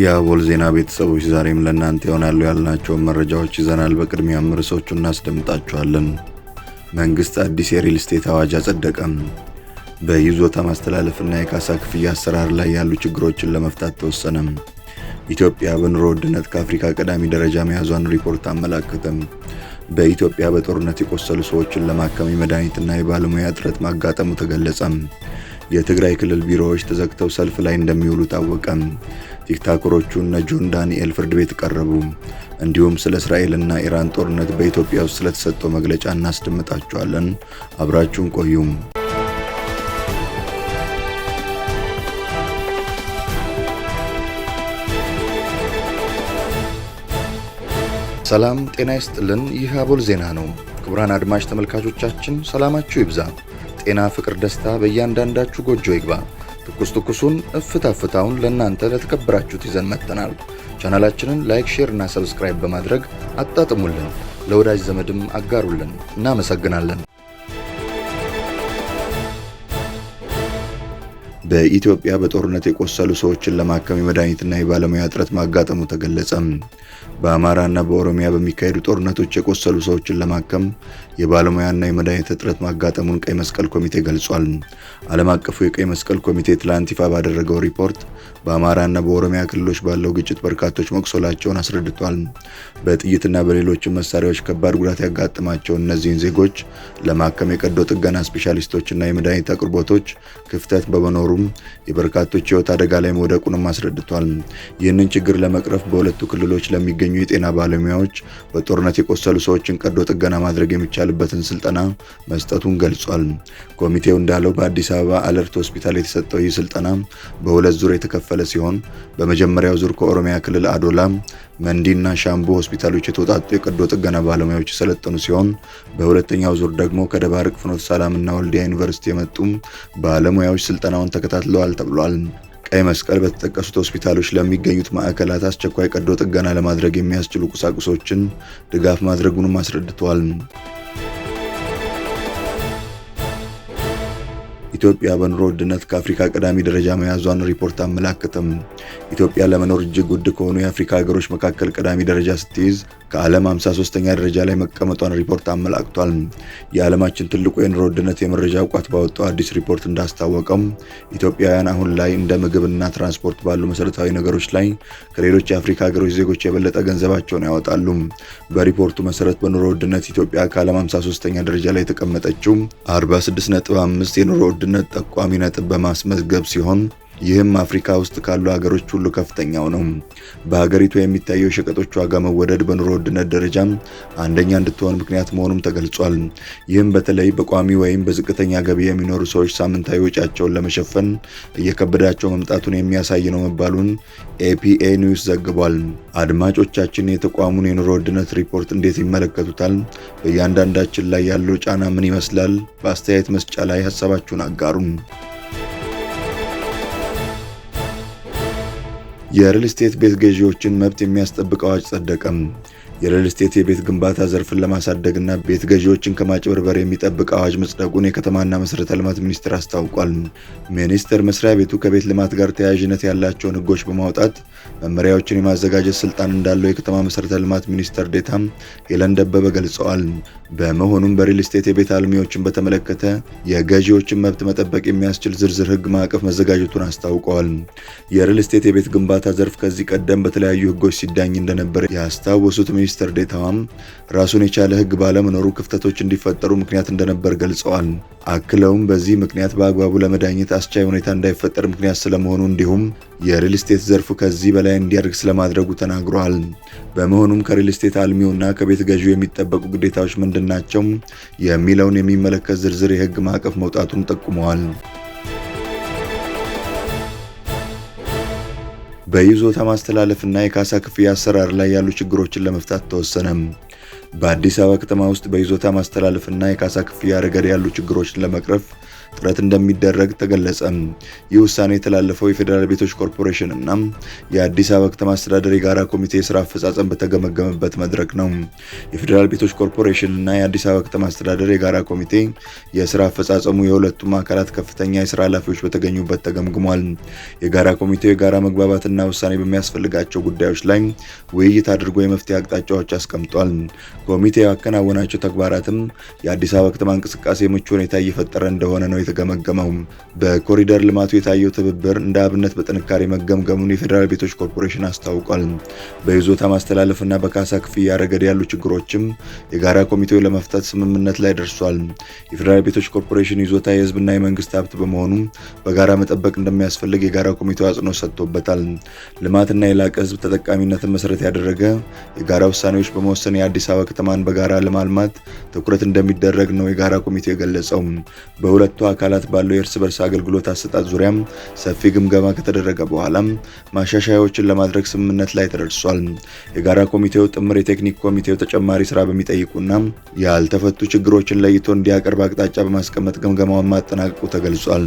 የአቦል ዜና ቤተሰቦች ዛሬም ለእናንተ ይሆናሉ ያልናቸውን መረጃዎች ይዘናል። በቅድሚያ ምርሶቹ እናስደምጣቸዋለን። መንግሥት አዲስ የሪል ስቴት አዋጅ አጸደቀም። በይዞታ ማስተላለፍና የካሳ ክፍያ አሰራር ላይ ያሉ ችግሮችን ለመፍታት ተወሰነም። ኢትዮጵያ በኑሮ ውድነት ከአፍሪካ ቀዳሚ ደረጃ መያዟን ሪፖርት አመላከተም። በኢትዮጵያ በጦርነት የቆሰሉ ሰዎችን ለማከም የመድኃኒትና የባለሙያ እጥረት ማጋጠሙ ተገለጸም። የትግራይ ክልል ቢሮዎች ተዘግተው ሰልፍ ላይ እንደሚውሉ ታወቀ። ቲክታከሮቹ እነ ጆን ዳንኤል ፍርድ ቤት ቀረቡ። እንዲሁም ስለ እስራኤልና ኢራን ጦርነት በኢትዮጵያ ውስጥ ስለተሰጠው መግለጫ እናስደምጣችኋለን። አብራችሁን ቆዩም። ሰላም ጤና ይስጥልን። ይህ አቦል ዜና ነው። ክቡራን አድማጭ ተመልካቾቻችን ሰላማችሁ ይብዛ። ጤና፣ ፍቅር፣ ደስታ በእያንዳንዳችሁ ጎጆ ይግባ። ትኩስ ትኩሱን እፍታ ፍታውን ለእናንተ ለተከበራችሁት ይዘን መጥተናል። ቻናላችንን ላይክ፣ ሼር እና ሰብስክራይብ በማድረግ አጣጥሙልን፣ ለወዳጅ ዘመድም አጋሩልን። እናመሰግናለን። በኢትዮጵያ በጦርነት የቆሰሉ ሰዎችን ለማከም የመድኃኒትና የባለሙያ እጥረት ማጋጠሙ ተገለጸ። በአማራና በኦሮሚያ በሚካሄዱ ጦርነቶች የቆሰሉ ሰዎችን ለማከም የባለሙያና የመድኃኒት እጥረት ማጋጠሙን ቀይ መስቀል ኮሚቴ ገልጿል። ዓለም አቀፉ የቀይ መስቀል ኮሚቴ ትላንት ይፋ ባደረገው ሪፖርት በአማራና በኦሮሚያ ክልሎች ባለው ግጭት በርካቶች መቁሰላቸውን አስረድቷል። በጥይትና በሌሎችም መሳሪያዎች ከባድ ጉዳት ያጋጥማቸው እነዚህን ዜጎች ለማከም የቀዶ ጥገና ስፔሻሊስቶችና የመድኃኒት አቅርቦቶች ክፍተት በመኖሩ በመሆኑም የበርካቶች ህይወት አደጋ ላይ መውደቁንም አስረድቷል። ይህንን ችግር ለመቅረፍ በሁለቱ ክልሎች ለሚገኙ የጤና ባለሙያዎች በጦርነት የቆሰሉ ሰዎችን ቀዶ ጥገና ማድረግ የሚቻልበትን ስልጠና መስጠቱን ገልጿል። ኮሚቴው እንዳለው በአዲስ አበባ አለርት ሆስፒታል የተሰጠው ይህ ስልጠና በሁለት ዙር የተከፈለ ሲሆን በመጀመሪያው ዙር ከኦሮሚያ ክልል አዶላ መንዲና ሻምቡ ሆስፒታሎች የተውጣጡ የቀዶ ጥገና ባለሙያዎች የሰለጠኑ ሲሆን በሁለተኛው ዙር ደግሞ ከደባርቅ ፍኖተ ሰላምና ወልዲያ ዩኒቨርሲቲ የመጡም ባለሙያዎች ስልጠናውን ተከታትለዋል ተብሏል። ቀይ መስቀል በተጠቀሱት ሆስፒታሎች ለሚገኙት ማዕከላት አስቸኳይ ቀዶ ጥገና ለማድረግ የሚያስችሉ ቁሳቁሶችን ድጋፍ ማድረጉንም አስረድተዋል። ኢትዮጵያ በኑሮ ውድነት ከአፍሪካ ቀዳሚ ደረጃ መያዟን ሪፖርት አመላክትም። ኢትዮጵያ ለመኖር እጅግ ውድ ከሆኑ የአፍሪካ ሀገሮች መካከል ቀዳሚ ደረጃ ስትይዝ ከዓለም 53ኛ ደረጃ ላይ መቀመጧን ሪፖርት አመላክቷል። የዓለማችን ትልቁ የኑሮ ውድነት የመረጃ እውቋት ባወጣው አዲስ ሪፖርት እንዳስታወቀም ኢትዮጵያውያን አሁን ላይ እንደ ምግብና ትራንስፖርት ባሉ መሰረታዊ ነገሮች ላይ ከሌሎች የአፍሪካ ሀገሮች ዜጎች የበለጠ ገንዘባቸውን ያወጣሉ። በሪፖርቱ መሰረት በኑሮ ውድነት ኢትዮጵያ ከዓለም 53ኛ ደረጃ ላይ የተቀመጠችው 46.5 የኑሮ ውድነት የአንድነት ጠቋሚ ነጥብ በማስመዝገብ ሲሆን ይህም አፍሪካ ውስጥ ካሉ ሀገሮች ሁሉ ከፍተኛው ነው። በሀገሪቱ የሚታየው ሸቀጦች ዋጋ መወደድ በኑሮ ውድነት ደረጃ አንደኛ እንድትሆን ምክንያት መሆኑም ተገልጿል። ይህም በተለይ በቋሚ ወይም በዝቅተኛ ገቢ የሚኖሩ ሰዎች ሳምንታዊ ወጪያቸውን ለመሸፈን እየከበዳቸው መምጣቱን የሚያሳይ ነው መባሉን ኤፒኤ ኒውስ ዘግቧል። አድማጮቻችን የተቋሙን የኑሮ ውድነት ሪፖርት እንዴት ይመለከቱታል? በእያንዳንዳችን ላይ ያለው ጫና ምን ይመስላል? በአስተያየት መስጫ ላይ ሀሳባችሁን አጋሩን። የሪል ስቴት ቤት ገዢዎችን መብት የሚያስጠብቅ አዋጅ ጸደቀም። የሪል ስቴት የቤት ግንባታ ዘርፍን ለማሳደግና ቤት ገዢዎችን ከማጭበርበር የሚጠብቅ አዋጅ መጽደቁን የከተማና መሠረተ ልማት ሚኒስቴር አስታውቋል። ሚኒስቴር መስሪያ ቤቱ ከቤት ልማት ጋር ተያያዥነት ያላቸውን ህጎች በማውጣት መመሪያዎችን የማዘጋጀት ስልጣን እንዳለው የከተማ መሰረተ ልማት ሚኒስተር ዴታ ሄለን ደበበ ገልጸዋል። በመሆኑም በሪል ስቴት የቤት አልሚዎችን በተመለከተ የገዢዎችን መብት መጠበቅ የሚያስችል ዝርዝር ህግ ማዕቀፍ መዘጋጀቱን አስታውቀዋል። የሪል ስቴት የቤት ግንባታ ዘርፍ ከዚህ ቀደም በተለያዩ ህጎች ሲዳኝ እንደነበር ያስታወሱት ሚኒስተር ዴታዋም ራሱን የቻለ ህግ ባለመኖሩ ክፍተቶች እንዲፈጠሩ ምክንያት እንደነበር ገልጸዋል። አክለውም በዚህ ምክንያት በአግባቡ ለመዳኘት አስቻይ ሁኔታ እንዳይፈጠር ምክንያት ስለመሆኑ እንዲሁም የሪል ስቴት ዘርፉ ከዚህ በላይ እንዲያድግ ስለማድረጉ ተናግሯል። በመሆኑም ከሪል ስቴት አልሚውና ከቤት ገዢው የሚጠበቁ ግዴታዎች ምንድናቸው የሚለውን የሚመለከት ዝርዝር የህግ ማዕቀፍ መውጣቱን ጠቁመዋል። በይዞታ ማስተላለፍና የካሳ ክፍያ አሰራር ላይ ያሉ ችግሮችን ለመፍታት ተወሰነም። በአዲስ አበባ ከተማ ውስጥ በይዞታ ማስተላለፍና የካሳ ክፍያ ረገድ ያሉ ችግሮችን ለመቅረፍ ጥረት እንደሚደረግ ተገለጸ። ይህ ውሳኔ የተላለፈው የፌዴራል ቤቶች ኮርፖሬሽን እና የአዲስ አበባ ከተማ አስተዳደር የጋራ ኮሚቴ የስራ አፈጻጸም በተገመገመበት መድረክ ነው። የፌዴራል ቤቶች ኮርፖሬሽን እና የአዲስ አበባ ከተማ አስተዳደር የጋራ ኮሚቴ የስራ አፈጻጸሙ የሁለቱም አካላት ከፍተኛ የስራ ኃላፊዎች በተገኙበት ተገምግሟል። የጋራ ኮሚቴው የጋራ መግባባትና ውሳኔ በሚያስፈልጋቸው ጉዳዮች ላይ ውይይት አድርጎ የመፍትሄ አቅጣጫዎች አስቀምጧል። ኮሚቴው ያከናወናቸው ተግባራትም የአዲስ አበባ ከተማ እንቅስቃሴ ምቹ ሁኔታ እየፈጠረ እንደሆነ ነው የተገመገመው። በኮሪደር ልማቱ የታየው ትብብር እንደ አብነት በጥንካሬ መገምገሙን የፌዴራል ቤቶች ኮርፖሬሽን አስታውቋል። በይዞታ ማስተላለፍና በካሳ ክፍያ ረገድ ያሉ ችግሮችም የጋራ ኮሚቴው ለመፍታት ስምምነት ላይ ደርሷል። የፌዴራል ቤቶች ኮርፖሬሽን ይዞታ የህዝብና የመንግስት ሀብት በመሆኑ በጋራ መጠበቅ እንደሚያስፈልግ የጋራ ኮሚቴው አጽንኦት ሰጥቶበታል። ልማትና የላቀ ህዝብ ተጠቃሚነትን መሰረት ያደረገ የጋራ ውሳኔዎች በመወሰን የአዲስ አበባ ከተማን በጋራ ለማልማት ትኩረት እንደሚደረግ ነው የጋራ ኮሚቴው የገለጸው። በሁለቱ አካላት ባለው የእርስ በርስ አገልግሎት አሰጣጥ ዙሪያም ሰፊ ግምገማ ከተደረገ በኋላ ማሻሻያዎችን ለማድረግ ስምምነት ላይ ተደርሷል። የጋራ ኮሚቴው ጥምር የቴክኒክ ኮሚቴው ተጨማሪ ስራ በሚጠይቁና ያልተፈቱ ችግሮችን ለይቶ እንዲያቀርብ አቅጣጫ በማስቀመጥ ግምገማውን ማጠናቀቁ ተገልጿል።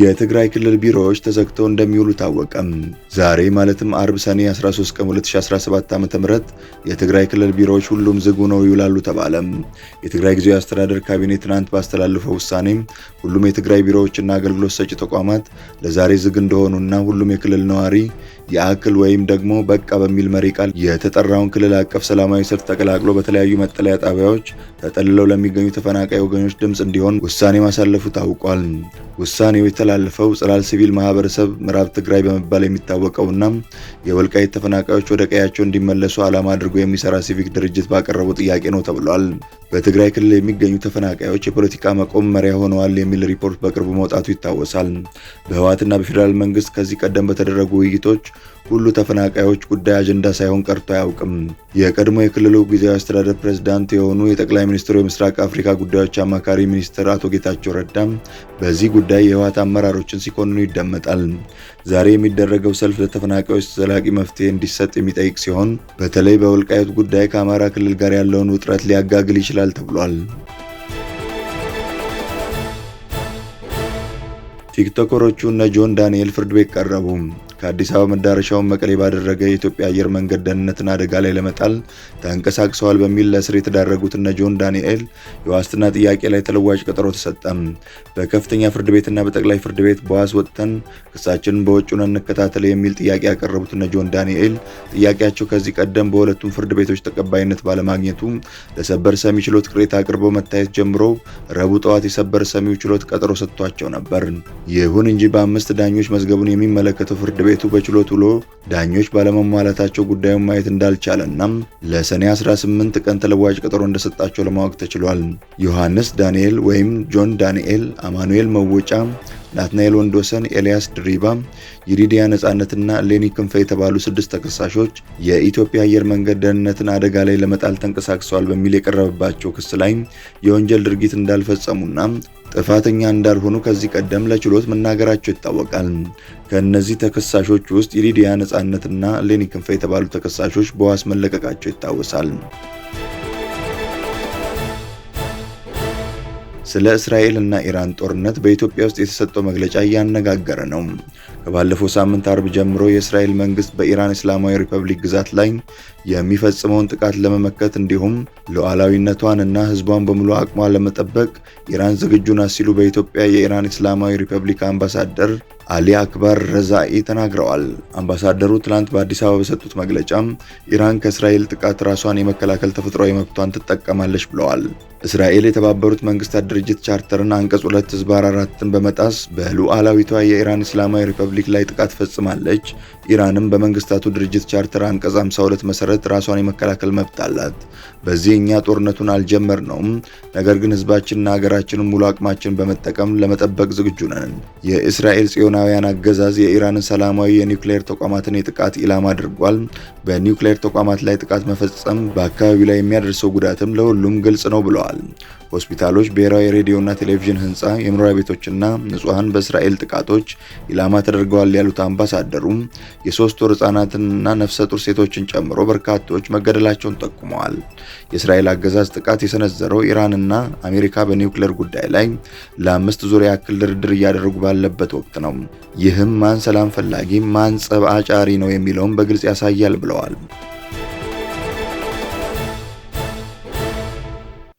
የትግራይ ክልል ቢሮዎች ተዘግተው እንደሚውሉ ታወቀም። ዛሬ ማለትም አርብ ሰኔ 13 ቀን 2017 ም የትግራይ ክልል ቢሮዎች ሁሉም ዝግ ሆነው ይውላሉ ተባለም። የትግራይ ጊዜያዊ አስተዳደር ካቢኔ ትናንት ባስተላለፈው ውሳኔም ሁሉም የትግራይ ቢሮዎችና አገልግሎት ሰጪ ተቋማት ለዛሬ ዝግ እንደሆኑና ሁሉም የክልል ነዋሪ የአክል ወይም ደግሞ በቃ በሚል መሪ ቃል የተጠራውን ክልል አቀፍ ሰላማዊ ሰልፍ ተቀላቅሎ በተለያዩ መጠለያ ጣቢያዎች ተጠልለው ለሚገኙ ተፈናቃይ ወገኖች ድምፅ እንዲሆን ውሳኔ ማሳለፉ ታውቋል። ውሳኔው የተላለፈው ጽላል ሲቪል ማህበረሰብ ምዕራብ ትግራይ በመባል የሚታወቀውና የወልቃይት ተፈናቃዮች ወደ ቀያቸው እንዲመለሱ ዓላማ አድርጎ የሚሰራ ሲቪክ ድርጅት ባቀረበው ጥያቄ ነው ተብሏል። በትግራይ ክልል የሚገኙ ተፈናቃዮች የፖለቲካ መቆም መሪያ ሆነዋል የሚል ሪፖርት በቅርቡ መውጣቱ ይታወሳል። በህወሓትና በፌዴራል መንግስት ከዚህ ቀደም በተደረጉ ውይይቶች ሁሉ ተፈናቃዮች ጉዳይ አጀንዳ ሳይሆን ቀርቶ አያውቅም። የቀድሞ የክልሉ ጊዜያዊ አስተዳደር ፕሬዝዳንት የሆኑ የጠቅላይ ሚኒስትሩ የምስራቅ አፍሪካ ጉዳዮች አማካሪ ሚኒስትር አቶ ጌታቸው ረዳም በዚህ ጉዳይ የህወሓት አመራሮችን ሲኮንኑ ይደመጣል። ዛሬ የሚደረገው ሰልፍ ለተፈናቃዮች ዘላቂ መፍትሄ እንዲሰጥ የሚጠይቅ ሲሆን በተለይ በወልቃይት ጉዳይ ከአማራ ክልል ጋር ያለውን ውጥረት ሊያጋግል ይችላል ተብሏል። ቲክቶከሮቹ እነ ጆን ዳንኤል ፍርድ ቤት ቀረቡ። ከአዲስ አበባ መዳረሻውን መቀሌ ባደረገ የኢትዮጵያ አየር መንገድ ደህንነትን አደጋ ላይ ለመጣል ተንቀሳቅሰዋል በሚል ለእስር የተዳረጉት እነ ጆን ዳንኤል የዋስትና ጥያቄ ላይ ተለዋጭ ቀጠሮ ተሰጠም። በከፍተኛ ፍርድ ቤትና በጠቅላይ ፍርድ ቤት በዋስ ወጥተን ክሳችንን በውጭ ሆነን እንከታተል የሚል ጥያቄ ያቀረቡት እነ ጆን ዳንኤል ጥያቄያቸው ከዚህ ቀደም በሁለቱም ፍርድ ቤቶች ተቀባይነት ባለማግኘቱ ለሰበር ሰሚ ችሎት ቅሬታ አቅርበው መታየት ጀምሮ ረቡዕ ጠዋት የሰበር ሰሚው ችሎት ቀጠሮ ሰጥቷቸው ነበር። ይሁን እንጂ በአምስት ዳኞች መዝገቡን የሚመለከተው ፍርድ ቤት ቤቱ በችሎት ውሎ ዳኞች ባለመሟላታቸው ጉዳዩን ማየት እንዳልቻለና ለሰኔ 18 ቀን ተለዋጭ ቀጠሮ እንደሰጣቸው ለማወቅ ተችሏል። ዮሐንስ ዳንኤል ወይም ጆን ዳንኤል፣ አማኑኤል መወጫ፣ ናትናኤል ወንዶሰን፣ ኤልያስ ድሪባ፣ ይሪዲያ ነጻነትና ሌኒ ክንፈ የተባሉ ስድስት ተከሳሾች የኢትዮጵያ አየር መንገድ ደህንነትን አደጋ ላይ ለመጣል ተንቀሳቅሰዋል በሚል የቀረበባቸው ክስ ላይ የወንጀል ድርጊት እንዳልፈጸሙና ጥፋተኛ እንዳልሆኑ ከዚህ ቀደም ለችሎት መናገራቸው ይታወቃል። ከእነዚህ ተከሳሾች ውስጥ የሊዲያ ነጻነትና ሌኒ ክንፈ የተባሉ ተከሳሾች በዋስ መለቀቃቸው ይታወሳል። ስለ እስራኤልና ኢራን ጦርነት በኢትዮጵያ ውስጥ የተሰጠው መግለጫ እያነጋገረ ነው። ከባለፈው ሳምንት አርብ ጀምሮ የእስራኤል መንግስት በኢራን እስላማዊ ሪፐብሊክ ግዛት ላይ የሚፈጽመውን ጥቃት ለመመከት እንዲሁም ሉዓላዊነቷን እና ሕዝቧን በሙሉ አቅሟ ለመጠበቅ ኢራን ዝግጁ ናት ሲሉ በኢትዮጵያ የኢራን እስላማዊ ሪፐብሊክ አምባሳደር አሊ አክባር ረዛኢ ተናግረዋል። አምባሳደሩ ትናንት በአዲስ አበባ በሰጡት መግለጫም ኢራን ከእስራኤል ጥቃት ራሷን የመከላከል ተፈጥሯዊ መብቷን ትጠቀማለች ብለዋል። እስራኤል የተባበሩት መንግስታት ድርጅት ቻርተርን አንቀጽ ሁለት ህዝባር በመጣስ በሉዓላዊቷ የኢራን እስላማዊ ሪፐብሊክ ላይ ጥቃት ፈጽማለች። ኢራንም በመንግስታቱ ድርጅት ቻርተር አንቀጽ 52 መሰረት ራሷን የመከላከል መብት አላት። በዚህ እኛ ጦርነቱን ነውም። ነገር ግን ህዝባችንና ሀገራችንን ሙሉ አቅማችን በመጠቀም ለመጠበቅ ዝግጁ ነን። የእስራኤል ጽዮናውያን አገዛዝ የኢራንን ሰላማዊ የኒውክሌር ተቋማትን የጥቃት ኢላማ አድርጓል። በኒውክሌር ተቋማት ላይ ጥቃት መፈጸም በአካባቢው ላይ የሚያደርሰው ጉዳትም ለሁሉም ግልጽ ነው ብለዋል። ተናግረዋል። ሆስፒታሎች፣ ብሔራዊ ሬዲዮና ቴሌቪዥን ህንፃ፣ የመኖሪያ ቤቶችና ንጹሐን በእስራኤል ጥቃቶች ኢላማ ተደርገዋል ያሉት አምባሳደሩም የሶስት ወር ህጻናትንና ነፍሰ ጡር ሴቶችን ጨምሮ በርካቶች መገደላቸውን ጠቁመዋል። የእስራኤል አገዛዝ ጥቃት የሰነዘረው ኢራንና አሜሪካ በኒውክሌር ጉዳይ ላይ ለአምስት ዙር ያክል ድርድር እያደረጉ ባለበት ወቅት ነው። ይህም ማን ሰላም ፈላጊ ማን ጸብ አጫሪ ነው የሚለውን በግልጽ ያሳያል ብለዋል።